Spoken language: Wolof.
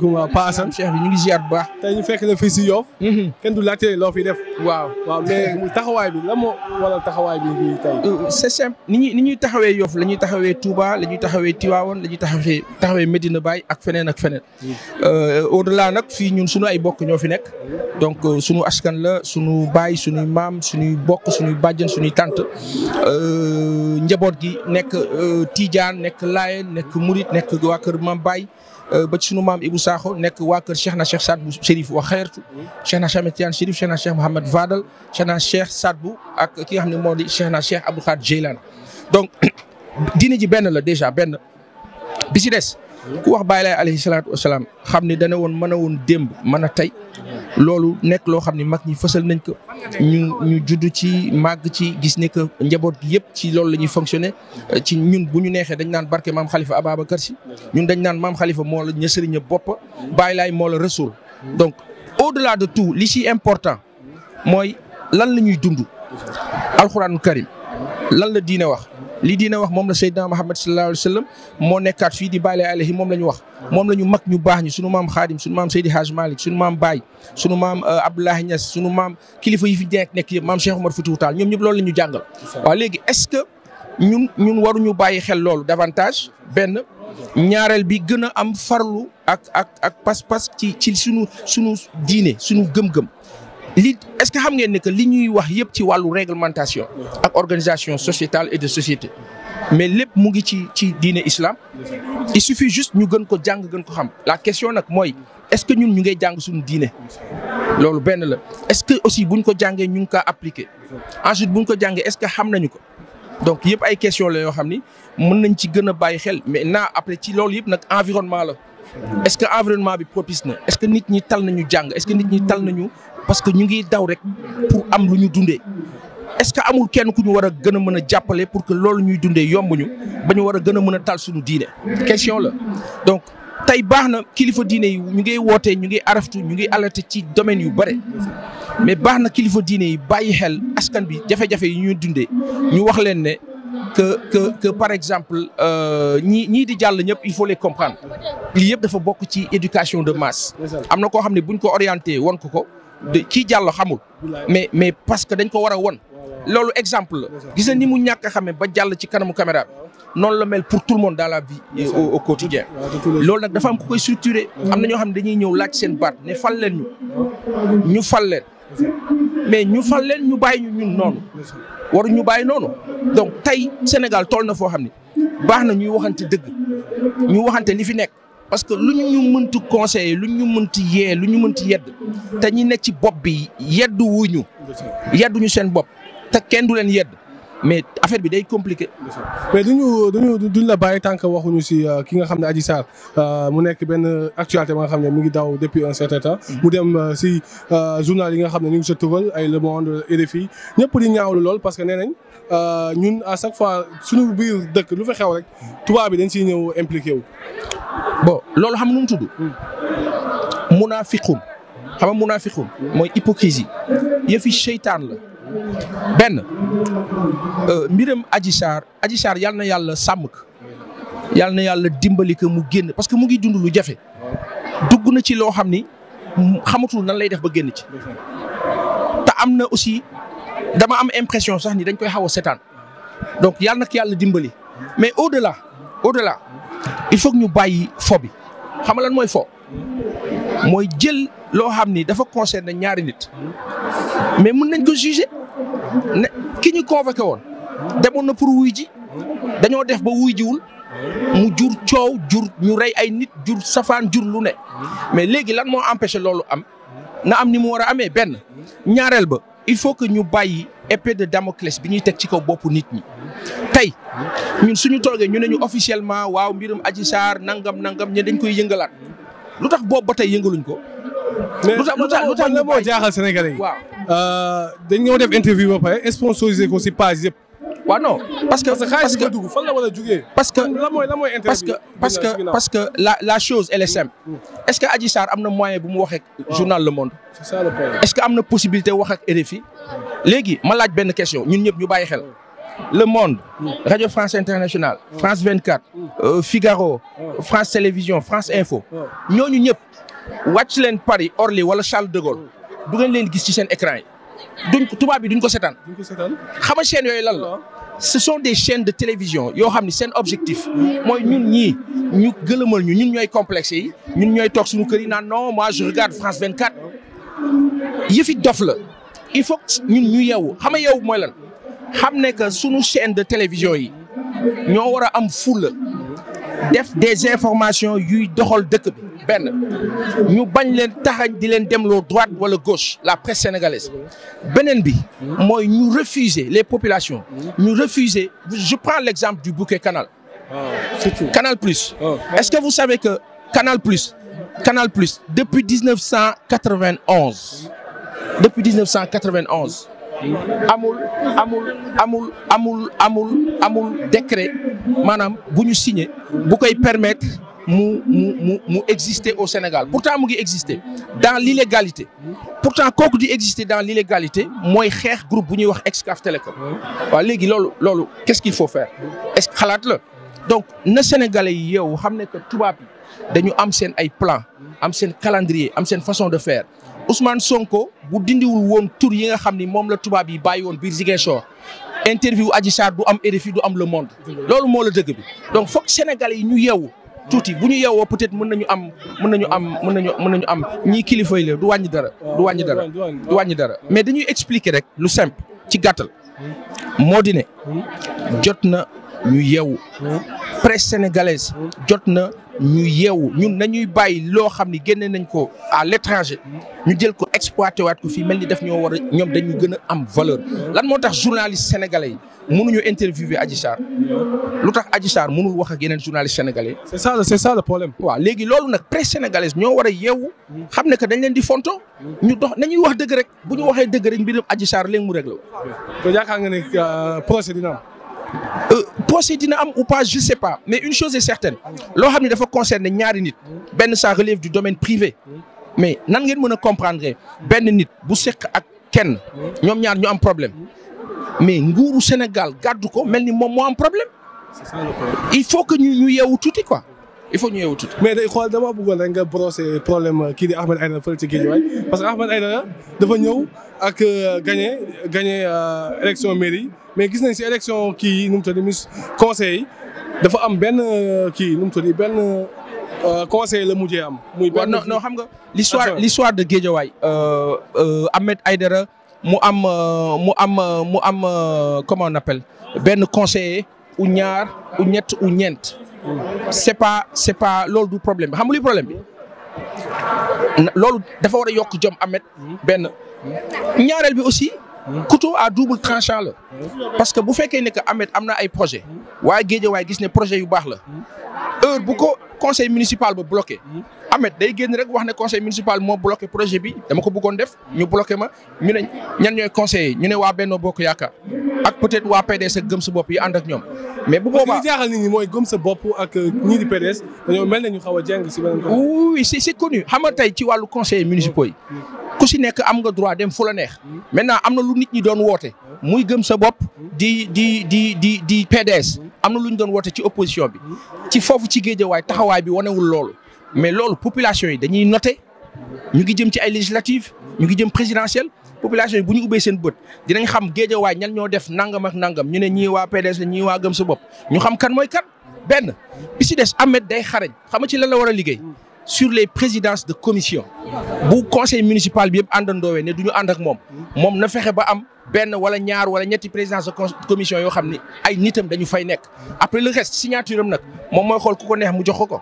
salaamaaleykum waaw Pa bi ñu ngi ziar bu baax. tey ñu fekk na fii si Yoff. Mhm. kenn du laajte loo fi def. waaw taxawaay bi la moo waral taxawaay bi fii se euh, c'est ni ñuy ni ñuy taxawee yoof la ñuy taxawee Touba la ñuy taxawee Tivaouane la ñuy taxawee taxawee Medina Baye ak feneen ak feneen. Mhm. Euh, au delà nag fii ñun suñu ay bokk ñoo fi nekk. donc euh, suñu askan la suñu baay suñuy maam suñuy bokk suñuy bàjjen suñuy tante. njaboot gi nekk Tidiane nekk Layen nekk Mouride nekk waa kër Maam Baye. Euh, ba sunu maam Ibou Sakho nekk waa kër na Cheikh Sadbou Chérif wa xayrtu Cheikh na Cheikh Tidiane Chérif Cheikh na Cheikh Mouhamed Fadal Cheikh na Cheikh Sadbou ak ki nga xam ne moo di Cheikh na Cheikh Abdou Khadre Jeylani donc diine ji benn la déjà benn bi ci des ku wax Baye Laye alayhi salaatu xam ni dana woon mën woon démb mën a tey loolu nekk loo xam ni mag ñi fësal nañ ko ñu ñu judd ci màgg ci gis ne que njaboot gi yëpp ci loolu la ñuy fonctionner ci ñun bu ñu neexee dañ naan barke maam Khalifa Ababacar si ñun dañ naan maam xalifa moo la ña sëriñ bopp Baye Laye moo la rësul donc au-delà de tout li ci important mooy lan la ñuy dund alxuraanul karim lan la diine wax. li diina wax moom la Seydina Muhammad sallallahu alayhi la sallam moo nekkaat fii di bàyyi alayhi moom la ñu wax moom la ñu mag ñu baax ñi sunu maam Xaadim sunu maam Seydi Haj Malick sunu maam Baye sunu maam euh, Abdoulaye Niass sunu maam kilifa yi fi nekk nekk yëpp maam Cheikh Omar Foutiyou Tall ñoom ñëpp loolu la ñu jàngal waaw léegi est-ce que ñun ñun waruñu bàyyi xel loolu davantage benn ñaareel bi gën a am farlu ak ak ak pas-pas ci ci sunu sunu diine sunu gëm-gëm li est-ce que xam ngeen ne que li ñuy wax yëpp ci wàllu réglementation. ak organisation sociétale et de société. mais lépp mu ngi ci ci diine islam. il suffit juste ñu gën ko jàng gën ko xam. la question nag mooy est-ce que ñun ñu ngay jàng suñu diine. loolu benn la est-ce que aussi buñ ko jàngee ñu ngi kaa appliqué. ensuite buñ ko jàngee est-ce que xam nañu ko. donc yëpp ay question la yoo xam ni mën nañ ci gën a bàyyi xel mais naa après ci loolu yëpp nag environnement la. est-ce que environnement bi propice na est-ce que nit ñi tal nañu jàng est-ce que nit ñi tal nañu parce que ñu ngi daw rek pour am lu ñu dundee est-ce que amul kenn ku ñu war a gën a mën a jàppale pour que loolu ñuy dundee yombu ñu ba ñu war a gën a mën a tal suñu diine question la donc tey baax na kilifa diine yi ñu ngi wootee ñu ngi araftu ñu ngi alerté ci domaine yu bare mais baax na kilifa diine yi bàyyi xel askan bi jafe-jafe yi ñuy dundee ñu wax leen ne que que que par exemple euh, ñii di jàll ñëpp il faut les comprendre lii yëpp dafa bokk ci éducation de masse. am na koo xam ne buñ ko orienté won ko ko kii jàll xamul. mais mais parce que dañ ko war a won loolu exemple la gis na ni mu ñàkk a xamee ba jàll ci kanamu caméra bi la mel pour tout le monde dans la vie au quotidien loolu nag dafa am ku koy structuré am na ñoo xam ne dañuy ñëw laaj seen baat ne fal leen ñu ñu fal mais ñu fal leen ñu bàyyi ñu ñun noonu war ñu bàyyi noonu donc tey Sénégal toll na foo xam ne baax na ñuy waxante dëgg ñu waxante ni fi nekk parce que lu ñu ñu mënti conseiller lu ñu mënti yee lu ñu mënti yedd te ñi nekk ci bopp bi yeddu wuñu yedduñu seen bopp te kenn du leen yedd mais affaire bi day compliqué. mais duñu duñu duñ la bàyyi tànk waxuñu si euh, ki nga xam ne Adji Sarr euh, mu nekk benn actualité ba nga xam ne mu ngi daw depuis un certain temps. mu dem euh, si journal yi nga xam ne ñu ngi sa tugal ay Le Monde RFI ñëpp di ñaawlu lool parce que nee nañ ñun à chaque fois suñu biir dëkk lu fa xew rek tubaab bi dañ siy ñëw impliqué wu. bon loolu xam nu mu tudd. Hmm. munaafiqun xam nga munaafiqun mooy hypocrisie yëfi seytaan la. benn euh, mbiram Adji Sarr Adji Sarr yal na yàlla sàmm ko yal na yàlla dimbali ko mu génn parce que mu ngi dund lu jafe dugg na ci loo xam ni xamatul nan lay def ba génn ci. te am na aussi dama am impression sax ni dañ koy xaw a seetaan donc yal na ko yàlla dimbali mais au delà au delà il faut ñu bàyyi fo bi xam mooy fo mooy jël. loo xam ni dafa concerné ñaari nit mais mun nañ ko juger ne ki ñu convoqué woon demoon na pour wuy ji dañoo def ba wuy jiwul mu jur coow jur ñu rey ay nit jur safaan jur lu ne mais léegi lan moo empêché loolu am na am ni mu war a amee benn ñaareel ba il faut que ñu bàyyi épée de Damoclès bi ñuy teg ci kaw boppu nit ñi tey ñun suñu toogee ñu ne ñu officiellement waaw mbirum Adji Sarr nangam nangam ñe dañ koy yëngalaat lu tax boobu ba tey yëngaluñ ko mais lu tax lu tax la moo jaaxal Sénégalais yi. waaw euh, dañ def interview ba pare sponsorisé ko si page yëpp. waaw non parce que la war a jugee. parce que mooy la mooy que parce que que la la chose elle est simple. Mm. est-ce que Adji Sarr am na moyen bu mu waxee journal Le Monde. c'est ça est-ce que am na possibilité wax ak RFI. Mm. léegi ma laaj benn question ñun ñëpp ñu bàyyi xel. Mm. Le Monde. Radio France Internationale. France 24. Euh, Figaro. France Télévision France Info. ñooñu ñëpp. wàcc leen Paris Orly wala Charles de Gaulle du leen gis ci seen écran yi duñ ko tubaab bi duñ ko seetaan. duñ ko seetaan xam nga chaîne yooyu lan la. ce sont des chaînes de télévision yoo xam ne seen objectif mooy ñun ñi ñu gëlëmal ñu ñun ñooy complexe yi ñun ñooy toog suñu kër yi naan non moi je regarde France 24 yëfi dof la il faut ñun ñu yeewu xam nga yow mooy lan xam ne que suñu chaîne de télévision yi ñoo war a am fulla def des informations yuy doxal dëkk benn ñu bañ leen taxañ di leen demloo droite wala gauche la presse sénégalaise beneen bi mooy ñu refuser les populations ñu refuser je prends l'exemple du bouquet canal oh, canal plus oh. est-ce que vous savez que canal plus canal plus depuis 1991 depuis 1991 amul amul amul amul amul amul décret maanaam bu ñu signé bu koy permettre mu mu exister au Sénégal pourtant mu ngi exister dans l'illégalité pourtant kooku di exister dans l'illégalité mooy xeex groupe bu ñuy wax Excaf Télécom waa léegi loolu loolu qu'est-ce qu'il faut faire est-ce que xalaat la donc na sénégalais yi yow xam ne que tubaab yi dañu am seen ay plan am seen calendrier am seen façon de faire Ousmane Sonko bu dindiwul woon tur yi nga xam ni moom la tubaab yi bàyyi woon biir Ziguinchor interview Adji Sarr du am RFI du am Le Monde loolu moo la dëgg bi donc yi ñu yeewu tuuti bu ñu yeewoo peut-être mën nañu am mën nañu am mën nañu mën nañu am ñii kilifa yi du wàññi dara. du wàññi dara du wàññi dara mais dañuy expliquer rek lu simple ci gàttal. moo di ne jot na ñu yeewu. Hmm. presse sénégalaise jot na ñu yeewu ñun nañuy bàyyi loo xam ni génne nañ ko à l'étranger ñu jël ko exploité waat ko fii mel ni def ñoo war a ñoom dañu gën a am valeur lan moo tax journaliste sénégalais yi ñu interviewé Adji Sarr lu tax Adji Sarr mënul wax a yeneen journaliste sénégalais. c'est ça c'est ça le problème. waaw léegi loolu nag presse sénégalaise ñoo war a yeewu xam ne que dañ leen di fonto ñu dox nañuy wax dëgg rek bu ñu waxee dëgg rek mbirum Adji leeg mu réglé ko. yaakaar nga ne euh, procès dina Euh, procès dina am ou pas je sais pas mais une chose est certaine loo xam ne dafa concerner ñaari nit benn ça relève du domaine privé mais nan ngeen mën a comprendre benn nit bu seq ak kenn ñoom ñaar ñu am problème mais nguuru Sénégal gàddu ko mel ni moom moo am problème il faut que ñu ñu yeewu tuuti quoi il faut ñu yeewu tuuti mais day xool dama bëggoon rek nga brosser problème euh, kii di Ahmed Aïdara fële ci Guédiawaye parce que Ahmed Aïdara dafa ñëw ak euh, gagné gagné euh, élection mairie mais gis nañ si élection kii yi nu mu tudd conseil dafa am benn kii nu mu tudd benn conseil la mujjee am. muy benn non non xam nga. l'histoire l'histoire de Guédiawaye. Ahmed Aïdara mu am mu am mu am comment on appelle benn conseil ou ñaar ou ñett ou ñeent. c'est pas c'est pas loolu du problème bi xam nga luy problème bi loolu dafa war a yokk jom amet benn ñaareel bi aussi couteau à double tranchant la parce que bu fekkee ne que amet am na ay projet waaye Guédiawaye gis ne projet yu baax la heure bu ko conseil municipal ba bloqué amet day génn rek wax ne conseil municipal moo bloqué projet bi dama ko bëggoon def ñu bloqué ma ñu ne ñan ñooy conseillers ñu ne waa Benno Bokk Yaakaar ak peut-être waa PDS ak gëm sa bopp yi ànd ak ñoom. mais bu boobaa li mooy gëm sa bopp ak ñii di PDS dañoo mel ne ñu xaw a jàng si beneen connu xam nga tey ci wàllu conseillers municipaux yi. ku si nekk am nga droit dem fu la neex. maintenant am na lu nit ñi doon woote. muy gëm sa bopp di di di di di PDS. am na lu ñu doon woote ci opposition bi. ci foofu ci waay taxawaay bi wanewul loolu. mais loolu population yi dañuy noté mu ngi jëm ci ay législatives ñu ngi jëm présidentielle population yi bu ñu ubbee seen bët dinañ xam géejawaay ñan ñoo def nangam ak nangam ñu ne ñii waa PDS la gëm sa bopp ñu xam kan mooy kan benn bi si des Ahmed day xarañ xam nga ci lan la war a liggéey sur les présidences de commission bu conseil municipal bi yëpp àndandoowee ne du ñu ànd ak moom moom na fexe ba am benn wala ñaar wala ñetti présidence de commission yoo xam ni ay nitam dañu fay nekk après le reste signature am nag moom mooy xool ku ko neex mu jox ko ko.